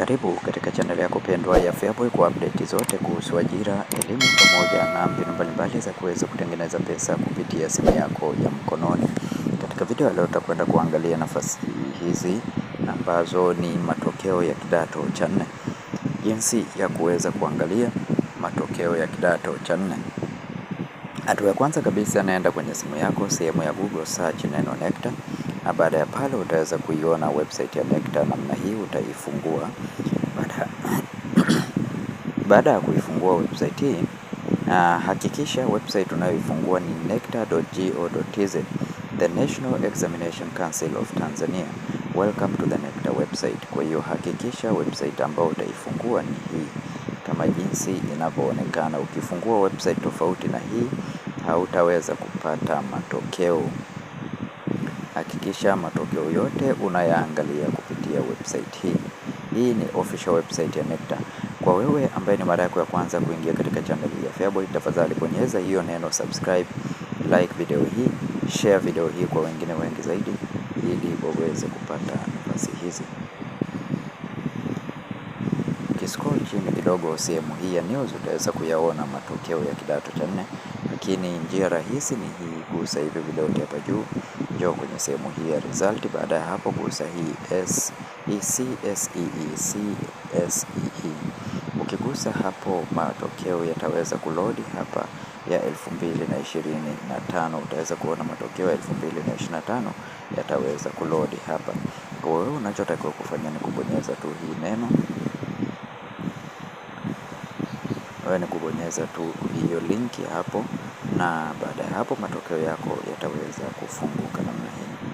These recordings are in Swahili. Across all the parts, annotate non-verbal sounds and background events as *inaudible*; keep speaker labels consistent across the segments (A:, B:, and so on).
A: Karibu katika chaneli yako pendwa ya Feaboy kwa update zote kuhusu ajira, elimu pamoja na mbinu mbalimbali za kuweza kutengeneza pesa kupitia simu yako ya mkononi. Katika video ya leo tutakwenda kuangalia nafasi hizi ambazo ni matokeo ya kidato cha nne, jinsi ya kuweza kuangalia matokeo ya kidato cha nne. Hatua ya kwanza kabisa, naenda kwenye simu yako sehemu ya Google search neno NECTA na baada ya pale utaweza kuiona website ya NECTA namna hii, utaifungua. *coughs* Baada ya kuifungua website hii na hakikisha website unayoifungua ni necta.go.tz, The National Examination Council of Tanzania. Welcome to the NECTA website. Kwa hiyo hakikisha website ambayo utaifungua ni hii kama jinsi inavyoonekana. Ukifungua website tofauti na hii hautaweza kupata matokeo. Hakikisha matokeo yote unayaangalia kupitia website hii. Hii ni official website ya NECTA. Kwa wewe ambaye ni mara yako ya kwanza kuingia katika channel ya FEABOY, tafadhali bonyeza hiyo neno subscribe, like video hii, share video hii kwa wengine wengi zaidi, ili waweze kupata nafasi hizi scroll chini kidogo sehemu hii ya news utaweza kuyaona matokeo ya kidato cha nne, lakini njia rahisi ni hii, gusa hivi vidoti hapa juu, njoo kwenye sehemu hii ya result. Baada ya hapo, gusa hii SEC, SEEC, e, e. Ukigusa hapo, matokeo yataweza kulodi hapa ya 2025 utaweza kuona matokeo ya 2025 yataweza kulodi hapa. Kwa hiyo unachotakiwa kufanya ni kubonyeza tu hii neno wewe ni kubonyeza tu hiyo linki hapo, na baada ya hapo matokeo yako yataweza kufunguka namna hii.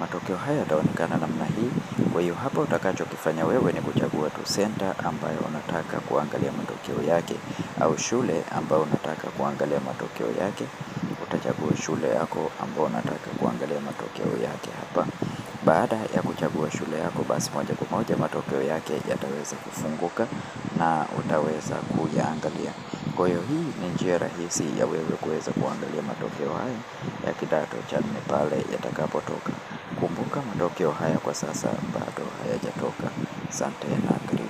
A: Matokeo haya yataonekana namna hii. Kwa hiyo hapa utakachokifanya wewe ni kuchagua tu senta ambayo unataka kuangalia matokeo yake au shule ambayo unataka kuangalia matokeo yake. Utachagua shule yako ambayo unataka kuangalia matokeo yake hapa. Baada ya kuchagua shule yako basi moja kwa moja matokeo yake yataweza kufunguka na utaweza kuyaangalia. Kwa hiyo hii ni njia rahisi ya wewe kuweza kuangalia matokeo haya ya kidato cha nne pale yatakapotoka. Kumbuka matokeo haya kwa sasa bado hayajatoka. Asante na karibu.